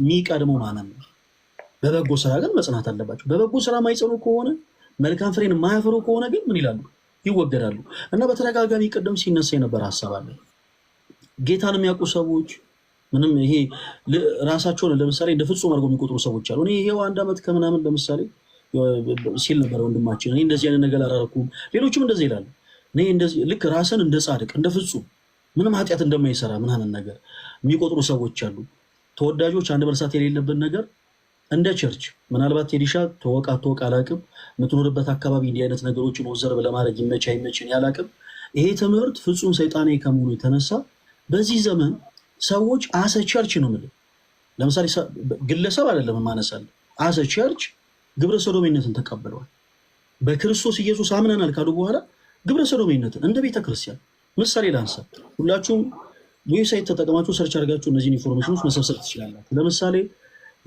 የሚቀድመው ማመን ነው። በበጎ ስራ ግን መጽናት አለባቸው። በበጎ ስራ የማይጸኑ ከሆነ መልካም ፍሬን የማያፈሩ ከሆነ ግን ምን ይላሉ? ይወገዳሉ። እና በተደጋጋሚ ቅድም ሲነሳ የነበረ ሀሳብ አለ። ጌታን የሚያውቁ ሰዎች ምንም ይሄ ራሳቸውን ለምሳሌ እንደ ፍጹም አድርገው የሚቆጥሩ ሰዎች አሉ። እኔ ይሄው አንድ ዓመት ከምናምን ለምሳሌ ሲል ነበረ ወንድማችን፣ እኔ እንደዚህ አይነት ነገር አላደረኩም። ሌሎችም እንደዚህ ይላሉ። እኔ እንደዚህ ልክ ራስን እንደ ጻድቅ እንደ ፍጹም ምንም ኃጢአት እንደማይሰራ ምናምን ነገር የሚቆጥሩ ሰዎች አሉ። ተወዳጆች አንድ መርሳት የሌለብን ነገር እንደ ቸርች ምናልባት ቴዲሻ ተወቃ ተወቃ አላቅም የምትኖርበት አካባቢ እንዲህ አይነት ነገሮችን ወዘርብ ለማድረግ ይመች አይመችን ያላቅም። ይሄ ትምህርት ፍጹም ሰይጣኔ ከመሆኑ የተነሳ በዚህ ዘመን ሰዎች አሰ ቸርች ነው የምልህ። ለምሳሌ ግለሰብ አይደለም የማነሳልህ፣ አሰ ቸርች ግብረ ሰዶሜነትን ተቀብለዋል። በክርስቶስ ኢየሱስ አምነናል ካሉ በኋላ ግብረ ሰዶሜነትን እንደ ቤተክርስቲያን ምሳሌ ላንሳ ሁላችሁም ይህ ሳይት ተጠቅማችሁ ሰርች አድርጋችሁ እነዚህን ኢንፎርሜሽኖች መሰብሰብ ትችላላችሁ። ለምሳሌ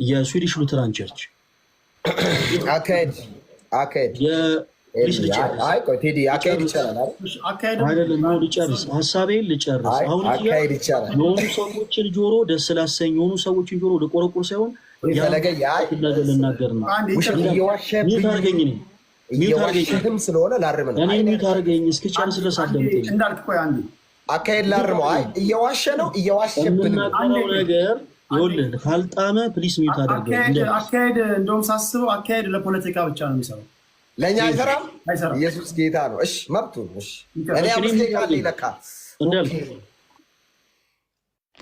የስዊዲሽ ሉተራን ቸርች ልጨርስ፣ ሀሳቤን ልጨርስ። አሁን የሆኑ ሰዎችን ጆሮ ደስ ላሰኝ የሆኑ ሰዎችን ጆሮ ልቆረቁር ሳይሆን ነገ ልናገር ነው። ሚውት አድርገኝ ስለሆነ ላርም ነው እኔ ሚውት አድርገኝ እስክጨርስ ድረስ አዳምጠኝ። አካሄድ ላርመው። አይ እየዋሸ ነው እየዋሸብን ነገር ይኸውልህ፣ ካልጣመ ፕሊስ ሚዩት አደርገው። አካሄድ እንደውም ሳስበው አካሄድ ለፖለቲካ ብቻ ነው የሚሰራው፣ ለእኛ አይሰራም። ኢየሱስ ጌታ ነው። እሺ መብቱ ነው። እኔ አምስት ይለካ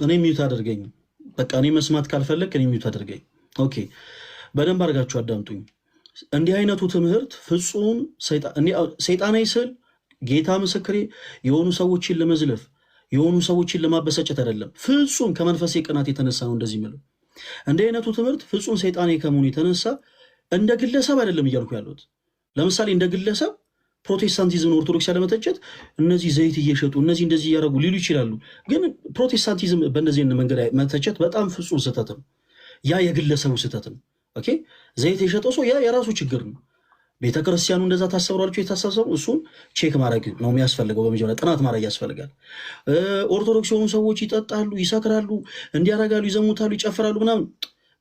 እኔ ሚዩት አደርገኝ። በቃ እኔ መስማት ካልፈለግ እኔ ሚዩት አደርገኝ። ኦኬ፣ በደንብ አድርጋችሁ አዳምጡኝ። እንዲህ አይነቱ ትምህርት ፍጹም ሰይጣናዊ ስል ጌታ ምስክሬ የሆኑ ሰዎችን ለመዝለፍ የሆኑ ሰዎችን ለማበሳጨት አይደለም፣ ፍጹም ከመንፈሴ ቅናት የተነሳ ነው እንደዚህ ምለው። እንደ አይነቱ ትምህርት ፍጹም ሰይጣኔ ከመሆኑ የተነሳ እንደ ግለሰብ አይደለም እያልኩ ያሉት። ለምሳሌ እንደ ግለሰብ ፕሮቴስታንቲዝምን ኦርቶዶክስ ያለመተቸት እነዚህ ዘይት እየሸጡ እነዚህ እንደዚህ እያደረጉ ሊሉ ይችላሉ። ግን ፕሮቴስታንቲዝም በእነዚህ መንገድ መተቸት በጣም ፍጹም ስህተት ነው። ያ የግለሰቡ ስህተት ነው። ኦኬ ዘይት የሸጠው ሰው ያ የራሱ ችግር ነው። ቤተክርስቲያኑ እንደዛ ታሰብሯቸው የታሳሰሩ እሱን ቼክ ማድረግ ነው የሚያስፈልገው። በመጀመሪያ ጥናት ማድረግ ያስፈልጋል። ኦርቶዶክስ የሆኑ ሰዎች ይጠጣሉ፣ ይሰክራሉ፣ እንዲያረጋሉ፣ ይዘሙታሉ፣ ይጨፍራሉ ምናምን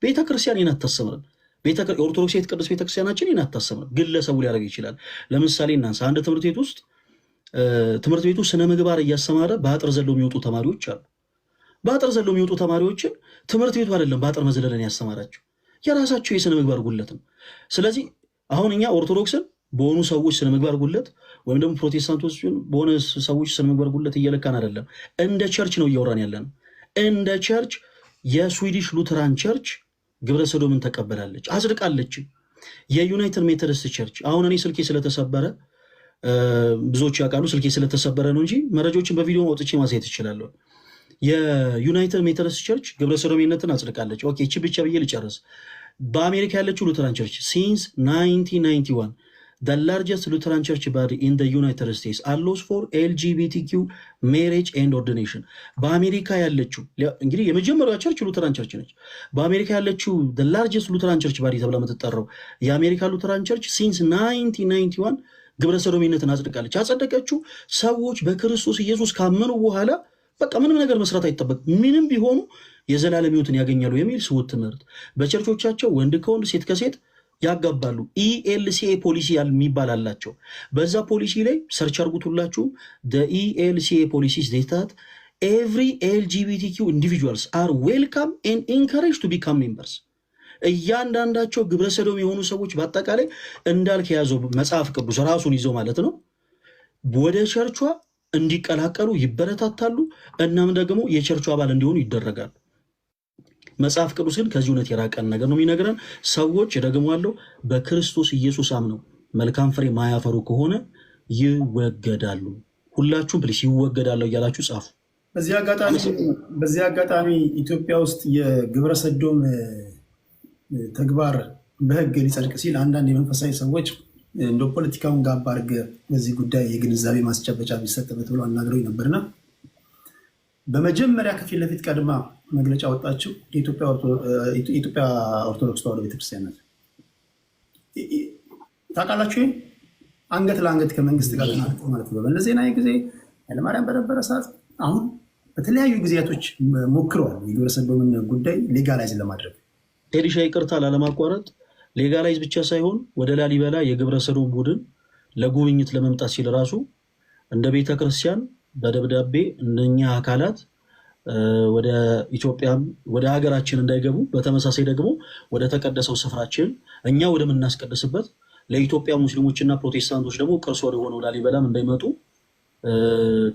ቤተክርስቲያን ክርስቲያን ይህን አታሰምርም። የኦርቶዶክስ ቅዱስ ቤተክርስቲያናችን ይህን አታሰምርም። ግለሰቡ ሊያደርግ ይችላል። ለምሳሌ እናንሳ። አንድ ትምህርት ቤት ውስጥ ትምህርት ቤቱ ስነ ምግባር እያሰማረ በአጥር ዘሎ የሚወጡ ተማሪዎች አሉ። በአጥር ዘሎ የሚወጡ ተማሪዎችን ትምህርት ቤቱ አይደለም በአጥር መዘለለን ያሰማራቸው የራሳቸው የስነ ምግባር ጉለት ነው። ስለዚህ አሁን እኛ ኦርቶዶክስን በሆኑ ሰዎች ስነምግባር ጉለት ወይም ደግሞ ፕሮቴስታንቶችን በሆነ ሰዎች ስነምግባር ጉለት እየለካን አይደለም። እንደ ቸርች ነው እያወራን ያለን። እንደ ቸርች የስዊዲሽ ሉተራን ቸርች ግብረ ሰዶምን ተቀበላለች፣ አጽድቃለች። የዩናይትድ ሜቶዲስት ቸርች አሁን እኔ ስልኬ ስለተሰበረ ብዙዎች ያውቃሉ፣ ስልኬ ስለተሰበረ ነው እንጂ መረጃዎችን በቪዲዮ አውጥቼ ማሳየት እችላለሁ። የዩናይትድ ሜቶዲስት ቸርች ግብረ ሰዶሜነትን አጽድቃለች። ኦኬ፣ ይቺ ብቻ ብዬ ልጨርስ። በአሜሪካ ያለችው ሉተራን ቸርች ሲንስ 1991 ዘ ላርጀስት ሉተራን ቸርች ባዲ ኢን ዘ ዩናይትድ ስቴትስ አሎስ ፎር ኤልጂቢቲኪው ሜሬጅ ኤንድ ኦርዲኔሽን በአሜሪካ ያለችው እንግዲህ የመጀመሪያ ቸርች ሉተራን ቸርች ነች። በአሜሪካ ያለችው ዘ ላርጀስት ሉተራን ቸርች ባዲ ተብላ የምትጠራው የአሜሪካ ሉተራን ቸርች ሲንስ 1991 ግብረ ሰዶሜነትን አጽድቃለች። ያጸደቀችው ሰዎች በክርስቶስ ኢየሱስ ካመኑ በኋላ በቃ ምንም ነገር መስራት አይጠበቅ ምንም ቢሆኑ የዘላለም ሕይወትን ያገኛሉ የሚል ስውት ትምህርት በቸርቾቻቸው ወንድ ከወንድ ሴት ከሴት ያጋባሉ። ኢኤልሲኤ e ፖሊሲ የሚባል አላቸው። በዛ ፖሊሲ ላይ ሰርች አርጉቱላችሁ። ኢኤልሲኤ e ፖሊሲ ስታት ኤቭሪ ኤልጂቢቲኪ ኢንዲቪጁዋልስ አር ዌልካም ኤን ኢንካሬጅ ቱ ቢካም ሜምበርስ። እያንዳንዳቸው ግብረሰዶም የሆኑ ሰዎች በአጠቃላይ እንዳልክ የያዘው መጽሐፍ ቅዱስ ራሱን ይዘው ማለት ነው ወደ ቸርቿ እንዲቀላቀሉ ይበረታታሉ። እናም ደግሞ የቸርቹ አባል እንዲሆኑ ይደረጋሉ። መጽሐፍ ቅዱስን ከዚህ እውነት የራቀን ነገር ነው የሚነግረን። ሰዎች እደግማለሁ፣ በክርስቶስ ኢየሱስ አምነው መልካም ፍሬ ማያፈሩ ከሆነ ይወገዳሉ። ሁላችሁም ፕሊስ ይወገዳሉ እያላችሁ ጻፉ። በዚህ አጋጣሚ ኢትዮጵያ ውስጥ የግብረ ሰዶም ተግባር በህግ ሊጸድቅ ሲል አንዳንድ የመንፈሳዊ ሰዎች እንደ ፖለቲካውን ጋባ አድርገህ በዚህ ጉዳይ የግንዛቤ ማስጨበጫ ቢሰጥበት ብሎ አናግረው ነበርና በመጀመሪያ ከፊት ለፊት ቀድማ መግለጫ ወጣችው የኢትዮጵያ ኦርቶዶክስ ተዋህዶ ቤተክርስቲያን ናት። ታውቃላችሁ፣ አንገት ለአንገት ከመንግስት ጋር ማለት ነው። በመለስ ዜናዊ ጊዜ ኃይለማርያም በነበረ ሰዓት፣ አሁን በተለያዩ ጊዜያቶች ሞክረዋል የግብረሰዶምን ጉዳይ ሌጋላይዝ ለማድረግ ቴሊሻ ይቅርታ ላለማቋረጥ ሌጋላይዝ ብቻ ሳይሆን ወደ ላሊበላ የግብረሰዶም ቡድን ለጉብኝት ለመምጣት ሲል ራሱ እንደ ቤተክርስቲያን በደብዳቤ እነኛ አካላት ወደ ኢትዮጵያም ወደ ሀገራችን እንዳይገቡ በተመሳሳይ ደግሞ ወደ ተቀደሰው ስፍራችን እኛ ወደምናስቀድስበት ለኢትዮጵያ ሙስሊሞችና ፕሮቴስታንቶች ደግሞ ቅርስ ወደሆነው ላሊበላም እንዳይመጡ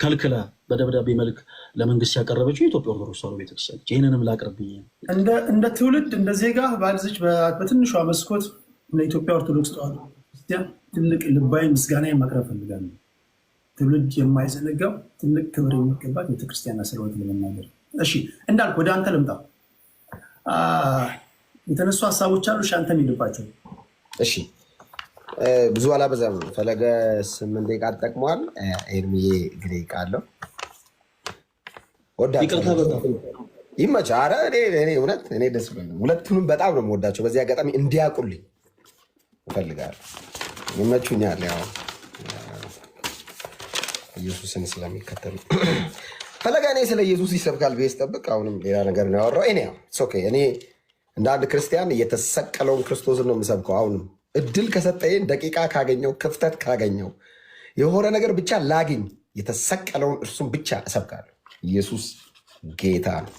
ከልክላ በደብዳቤ መልክ ለመንግስት ያቀረበችው የኢትዮጵያ ኦርቶዶክስ ተዋሕዶ ቤተክርስቲያን። ይህንንም ላቅርብ እንደ ትውልድ እንደ ዜጋ ባልዝች በትንሿ መስኮት ለኢትዮጵያ ኦርቶዶክስ ተዋሕዶ ክርስቲያን ትልቅ ልባዊ ምስጋና ማቅረብ ፈልጋለሁ። ትውልድ የማይዘነጋው ትልቅ ክብር የሚገባት ቤተክርስቲያን ስለሆነ ለመናገር እሺ፣ እንዳልኩ ወደ አንተ ልምጣ። የተነሱ ሀሳቦች አሉ አንተ የሚልባቸው። እሺ፣ ብዙ አላበዛም። ፈለገ ስምንት ደቂቃ ጠቅመዋል። ኤርሚዬ እንግዲህ ቃለው ይመችህ። ኧረ እውነት እኔ ደስ ብሎኛል። ሁለቱንም በጣም ነው የምወዳቸው። በዚህ አጋጣሚ እንዲያውቁልኝ እፈልጋለሁ። ይመቹኛል ያው ኢየሱስን ስለሚከተሉ ፈለጋ እኔ ስለ ኢየሱስ ይሰብካል ብዬ ስጠብቅ አሁንም ሌላ ነገር ነው ያወራው። እኔ እኔ እንደ አንድ ክርስቲያን የተሰቀለውን ክርስቶስን ነው የምሰብከው። አሁንም እድል ከሰጠኝ ደቂቃ ካገኘው ክፍተት ካገኘው የሆነ ነገር ብቻ ላግኝ የተሰቀለውን እርሱን ብቻ እሰብካለሁ። ኢየሱስ ጌታ ነው።